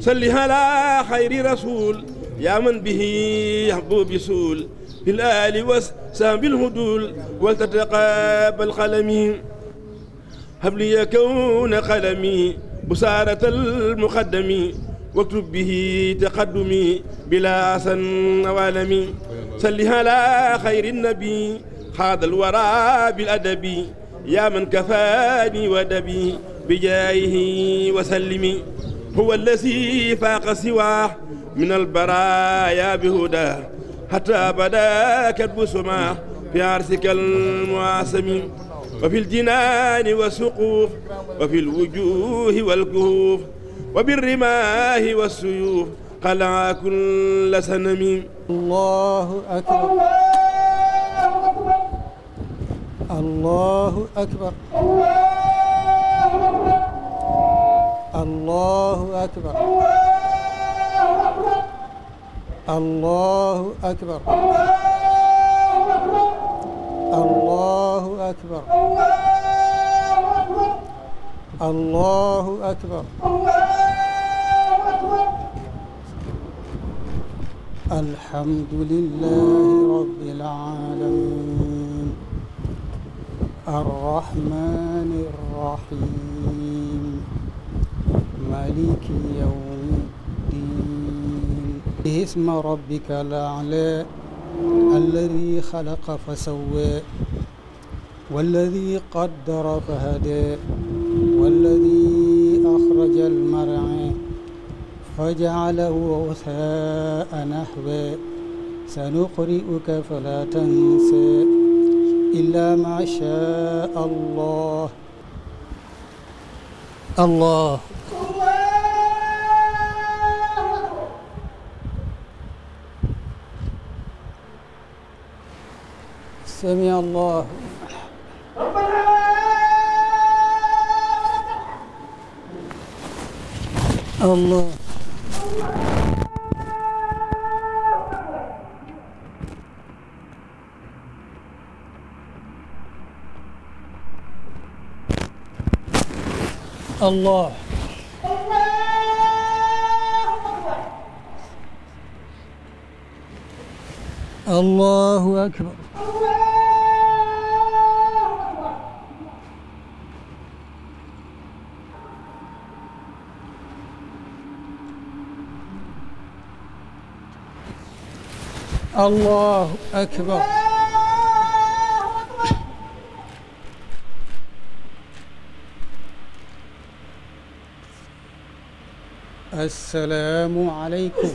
صل على خير رسول يا من به يحبوب يسول في الآل وسام بالهدول ولتتقابل قلمي هب لي كون قلمي بسارة المقدم واكتب به تقدمي بلا أسن والمي صل على خير النبي خاض الورى بالأدب يا من كفاني ودبي بجاهه وسلمي هو الذي فاق سواه من البرايا بهداه حتى بدا كتب سماه في عرسك المعاصم وفي الجنان والسقوف وفي الوجوه والكهوف وبالرماه والسيوف قلع كل سنم الله أكبر الله أكبر الله أكبر allahu akbar allahu akbar allahu akbar allahu akbar الحمد لله رب العالمين الرحمن الرحيم مالك يوم الدين اسم ربك الأعلى الذي خلق فسوى والذي قدر فهدى والذي أخرج المرعى فجعله غثاء نحوا سنقرئك فلا تنسى إلا ما شاء الله الله سمع الله الله الله الله أكبر الله أكبر السلام عليكم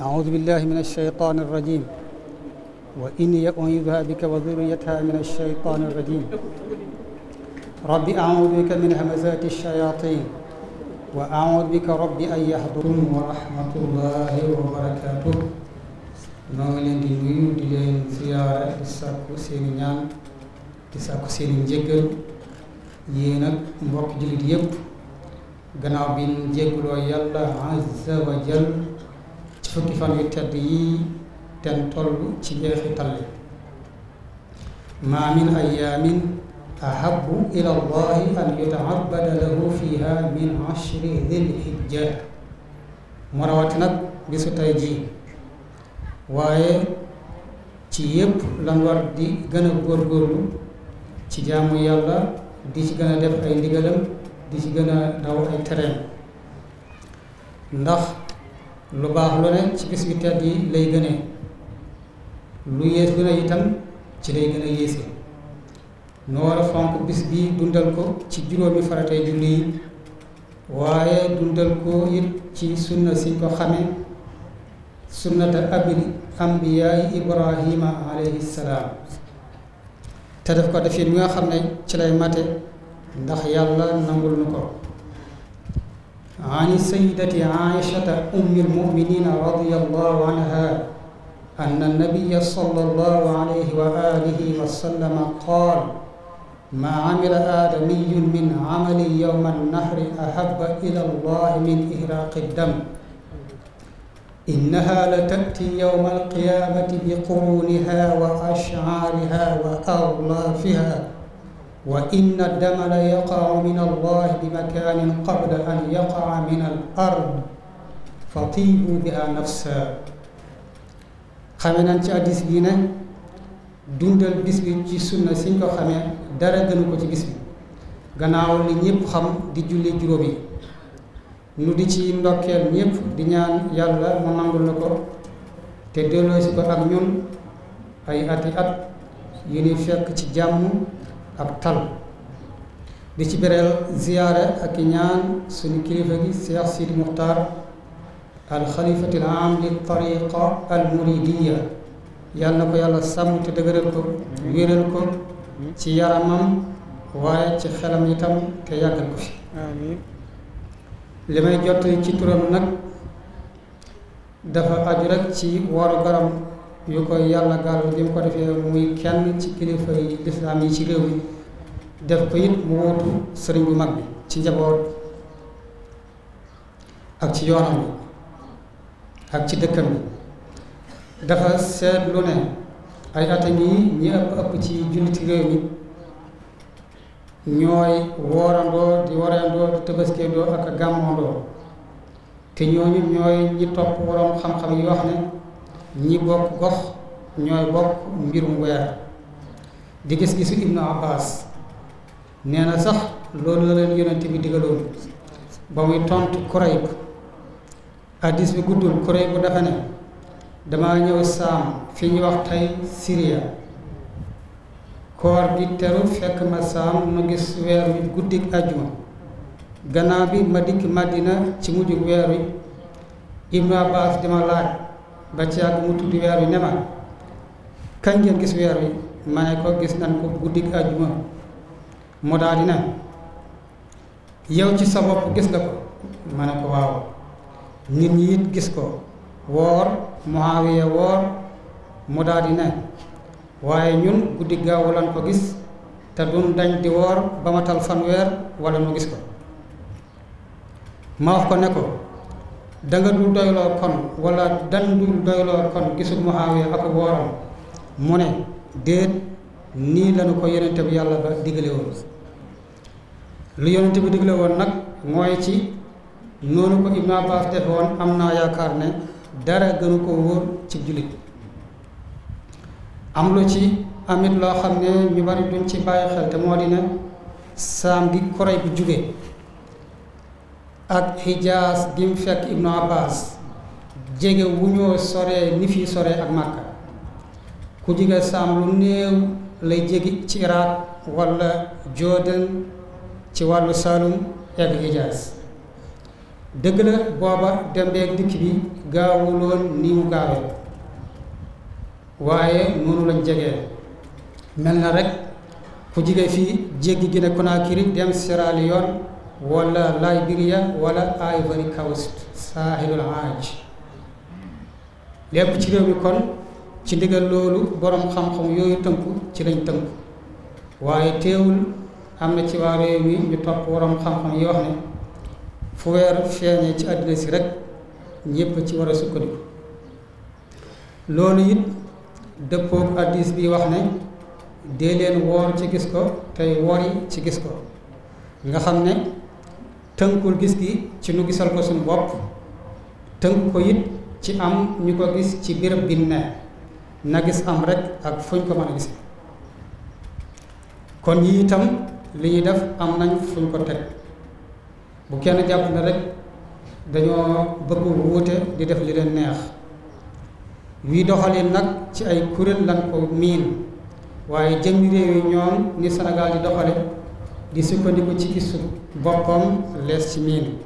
أعوذ بالله من الشيطان الرجيم وإني أعيذها بك وذريتها من الشيطان الرجيم rabbi audu bika min hamazaati shayatin wa audu bika rabbi an yahdurun wa rahmatullahi wa barakatuh noo ngi leen di nuyu di leen ziyaara di sàkku seeni ñaan di sàkku seeni njéggal yéen nag mbokk jullit yépp gannaaw bi ñu jégguloo yàlla azza wa jal ci fukki fan yu tedd yi ten toll ci jeexi talli maa min ayaamin ahabu ila allahi an yutaabada lahu min ashri dhil hijja mu rawati nag bisu tey jii waaye ci yépp lan war di gën a góorgóorlu ci jaamu yàlla di ci gën a def ay ndigalam di ci gën a daw ay tereem ndax lu baax lu ne ci bis yu tedd yi lay gënee lu yées lu itam ci lay gën a yéese nu war a bis bi dundal ko ci juróomi faratee julli yi waaye dundal ko it ci sunna si ko xame sunnata abil ambiyaay ibrahima alayhi te def ko def yéen mi nga xam ne ci lay mate ndax yàlla nangul nu ko ani sayidati aishata ummi almuminina radiallahu anha anna nabiya alayhi wa alihi wa sallama qaal ما عمل آدمي من عمل يوم النحر أحب إلى الله من إهراق الدم إنها لتأتي يوم القيامة بقرونها وأشعارها وأغلافها وإن الدم ليقع من الله بمكان قبل أن يقع من الأرض فطيبوا بها نفسا xame nañ ci hadiis bi ne dundal bis bi ci sunna siñ ko xamee dara gënu ko ci bis bi gannaaw li ñëpp xam di julli juróom yi nu di ci ndokkeel ñëpp di ñaan yàlla mu nangul la ko te delloosi ko ak ñun ay ati at yu ni fekk ci jàmm ak tal di ci bereel ziyaare ak ñaan suñu kilifa gi Cheikh Sidi Muxtaar al xalifatil aam li tariqa al muridiya yal na ko yàlla sàmm te dëgëral ko wéral ko ci yaramam waaye ci xelam itam te yàggal ko fi li may jot ci turam nag dafa aju rek ci waru garam yu ko yàlla gàll bi mu ko defee muy kenn ci kilifa yi lislaam yi ci réew mi def ko it mu wóotu sëriñ bu mag bi ci njaboot ak ci yoonam bi ak ci dëkkam bi dafa seetlu ne ay at a ñi ëpp ëpp ci julliti réew mi ñooy woorandoo di wareendoo di tëbaskeendoo ak gàmmoondoo te ñooñu ñooy ñi topp waroom xam-xam yi wax ne ñi bokk gox ñooy bokk mbirum weer di gis-gisu Ibnu Abbas nee na sax loolu la leen yonent bi digaloon ba muy tontu Kurayb hadiis bi guddul Kurayb dafa ne dama ñëw saam fi ñu wax tey Syria koor bi teru fekk ma saam nu gis weer wi guddik ajjuma gannaaw bi ma dikk Madina ci mujjug weer wi Ibnu Abbas dama laaj ba ci yàgg mu tudd weer wi ne ma kañ ngeen gis weer wi ma ne ko gis nañ ko guddik ajjuma mu daal di ne yow ci sa bopp gis nga ko ma ne ko waaw nit ñi it gis ko woor Muawiya woor mu daldi ne waaye ñun guddi gaawu lan ko gis te duñ dañ di woor ba matal fanweer wala mu gis ko ma ko ne ko danga dul doyloo kon wala dañ dul doyloo kon gisul Muawiya ak wooram mu ne déet nii lañu ko yonente bi yàlla ba digle woon lu yonente bi digle woon nag mooy ci noonu ko Ibn Abbas defoon am naa yaakaar ne dara gënu ko wóor ci jullit am lu ci amit loo xam ne ñu bari duñ ci bàyyi xel te moo di ne saam gi koray bu jóge ak xijaas gi mu fekk ibnu abbas jege wu ñoo soree ni fii soree ak màkka ku jóge saam lu néew lay jege ci iraq wala jordan ci wàllu salum egg xijaas dëgg la booba dem beeg dikk bi gaawuloon ni mu gaawee waaye noonu lañ jegee mel na rekk ku jige fii jéggi Guinée Conakry dem Sierra Leone wala Liberia wala Ivory Coast saaxilul aaj lépp ci réew mi kon ci ndigal loolu boroom xam-xam yooyu tënku ci lañ tënku waaye teewul am na ci waa mi ñu topp boroom xam-xam yoo xam ne fu weer feeñee ci àddina si rek ñépp ci war a sukkandiku loolu it dëppook hadiis bi wax ne dee leen woor ci gis ko tey wori ci gis ko nga xam ne tënkul gis gi ci nu gisal ko suñu bopp tënk ko it ci am ñu ko gis ci béréb bi ne na gis am rek ak fuñ ko mën a gis kon yi itam li ñuy def am nañ fuñ ko teg bu kenn jàpp na rek dañoo bëgg wuute di def li leen neex wii doxalin nag ci ay kuréel lan ko miin waaye jëmmi réew yi ñoom ni Sénégal di doxale di sukkandiku ci gisu boppam lees ci miin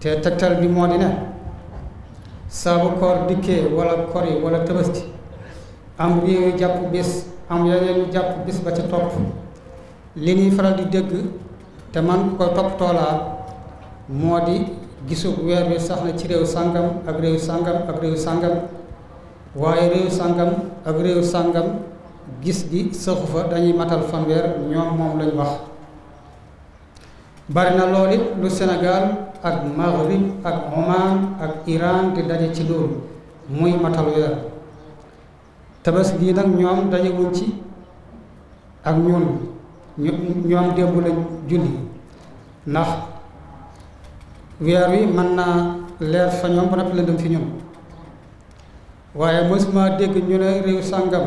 te tegtal bi moo di ne saabu koor dikkee wala kori wala tabaski am réew yu jàpp bis am yeneen jàpp bis ba ca topp li ñuy faral di dégg te man ku ko topp toolaa moo di gisub weer wi sax na ci réew sàngam ak réew sàngam waaye réew sàngam ak réew sàngam gis gi sëxu fa dañuy matal fanweer ñoom moom lañu wax bari na lool it lu Sénégal ak Maghrib ak Oman ak iraan di daje ci loolu muy matal weer tabaski gi nag ñoom daje wuñ ci ak ñun ñu ñoom démb lañ julli ndax weer wi mën naa leer fa ñoom ba noppi la dem fi ñun waaye mësuma dégg ñu ne réew sàngam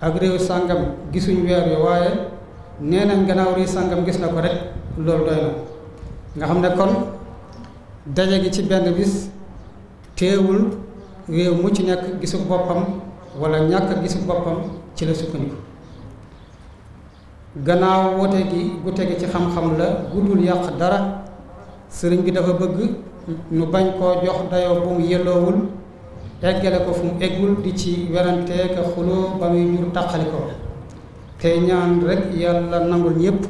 ak réew sàngam gisuñu weer wi waaye nee nañ gannaaw réew sàngam gis na ko rek loolu doy na nga xam ne kon daje gi ci benn bis teewul réew mu ci nekk gisu boppam walla ñàkk gisu boppam ci la sukkandiku gannaaw woote gi gu tege ci xam-xam la guddul yàq dara sëriñ bi dafa bëgg nu bañ koo jox dayoo bu mu yelloowul eggale ko fu mu eggul di ci werantee ka xuloo ba muy ñur taqali ko te ñaan rek yàlla nangul ñépp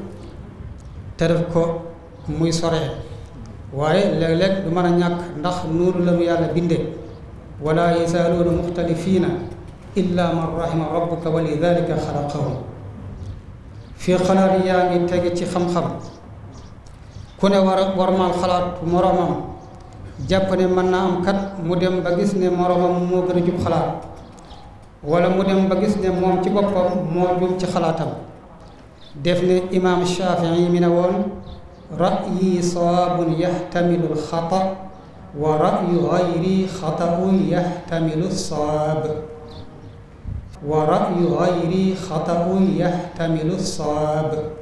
te def ko muy soree waaye léeg lekk du mën a ñàkk ndax noonu la mu yàlla binde wala yazaaluuna muxtalifiina illa man rahima rabbuka wa li dalika xalaqahum fii xalaat yaa ngi tege ci xam-xam ku ne war warmaal xalaat moroomam jàpp ne mën naa am kat mu dem ba gis ne moroomam moo gën a jub xalaat wala mu dem ba gis ne moom ci boppam moo jum ci xalaatam def ne imaam Shafii mi ne woon ra'yi sawaabun yaxtamilu alxata wa ra'yu gayri xataun yaxtamilu sawaab wa ra'yu gayri xata'un yaxtamilu sawaab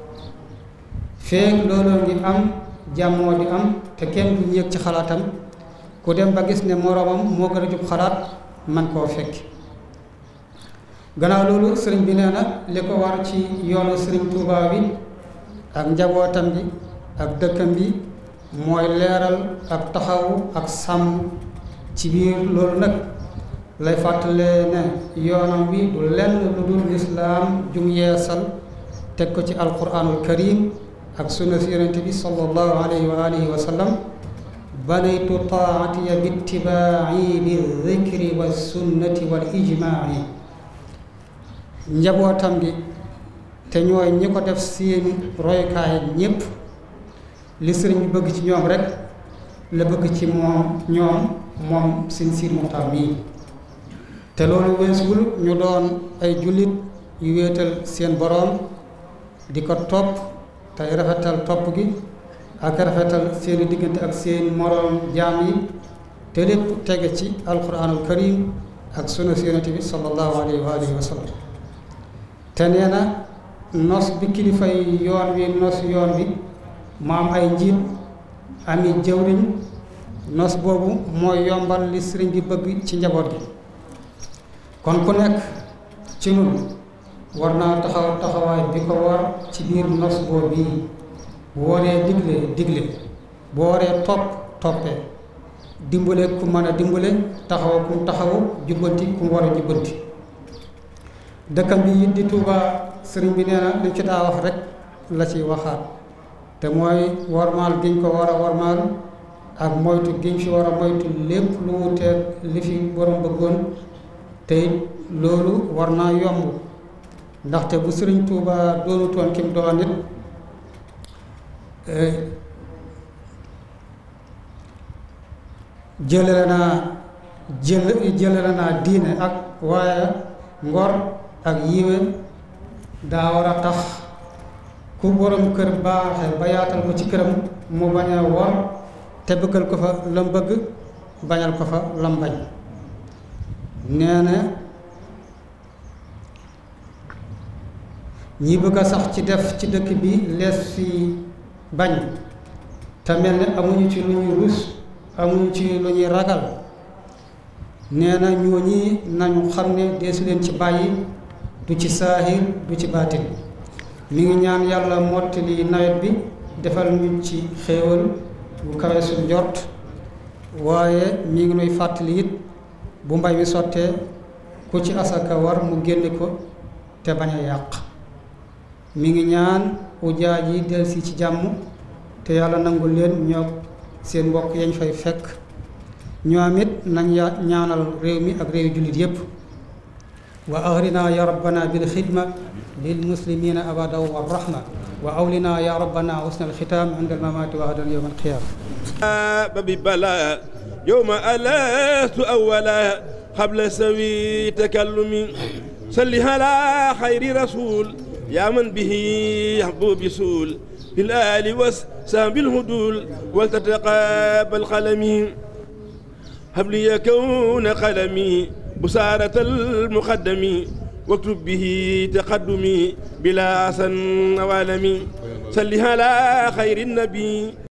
feek looloo ngi am jàmmoo di am te kenn du yëg ci xalaatam ku dem ba gis ne moroomam moo gën a jub xalaat man koo fekk gannaaw loolu sëriñ bi nee na li ko war ci yoonu sëriñ Tuubaa bi ak njabootam bi ak dëkkam bi mooy leeral ak taxawu ak sàmm ci biir loolu nag lay fàttalee ne yoonam wi du lenn lu dul lislaam jum yeesal teg ko ci alquranul karim ak sunna si yonente bi sallallahu alayhi wa alihi wa sallam banaytu taatiya bittibaaci bidikri wa sunnati wal ijmaaci njabootam gi te ñooy ñi ko def seeni roykaay ñépp li bi bëgg ci ñoom rekk la bëgg ci moom ñoom moom seen siir muxtaar te loolu weesuwul ñu doon ay jullit yu wéetal seen boroom di ko topp tey rafetal topp gi ak rafetal seeni diggante ak seen moroom jaam yi te lépp tege ci alquranul karim ak sunu yonent bi sallallahu alayhi wa sallam te nee na nos bi kilifa yoon wi nos yoon bi maam ay njiit ami jëwriñ nos boobu mooy yombal li sëriñ bi bëgg ci njaboot gi kon ku nekk ci nun war naa taxaw taxawaay bi ko war ci biir nos boo bii bu waree digle digle bu waree topp toppee dimbale ku mën a dimbale taxaw ku taxawu jubbanti ku war a jubbanti dëkkam bi it di Tuuba sëriñ bi nee na li ci daa wax rek la ci waxaat te mooy warmaal giñ ko war a warmaal ak moytu giñ fi war a moytu lépp lu wuteeg li fi borom bëggoon te loolu war naa yomb ndaxte bu sëriñ Touba doonu toon kim doon it eh, jëlale naa jël jëlale naa diine ak waaye ngor ak yiwe daa war a tax ku borom kër baaxe ba yaatal ko ci këram mu bañ a te bëggal ko fa lam bëgg bañal ko fa lam neena ñi bëgg a sax ci def ci dëkk bi lees fi bañ te mel ne amuñu ci lu ñuy rus amuñu ci lu ñuy ragal nee na ñooñi nañu xam ne deesu leen ci bàyyi du ci saahir du ci baatin mi ngi ñaan yàlla mottali nawet bi defal ñu ci xéewal bu kawe suñ waaye mi ngi nuy fàttali it bu mbay mi sottee ku ci asaka war mu génne ko te bañ a yàq mi ngi ñaan ujaaj yi delsi ci jàmm te yàlla nangu leen ñoo seen mbokk yañ fay fekk ñoom it nañ ñaanal réew mi ak réew jullit yépp wa aghrina ya rabbana bil xidma lil muslimina abada wa rahma wa awlina ya rabbana husna al xitaam mamaati wa adan yowm al يوما ألست أولا قبل سوي تكلمي صل على خير رسول يا من به يحبو بسول بالآل وسام بالهدول ولتتقابل قلمي هب لي يكون قلمي بسارة المقدم واكتب به تقدمي بلا عسن وعلمي صل على خير النبي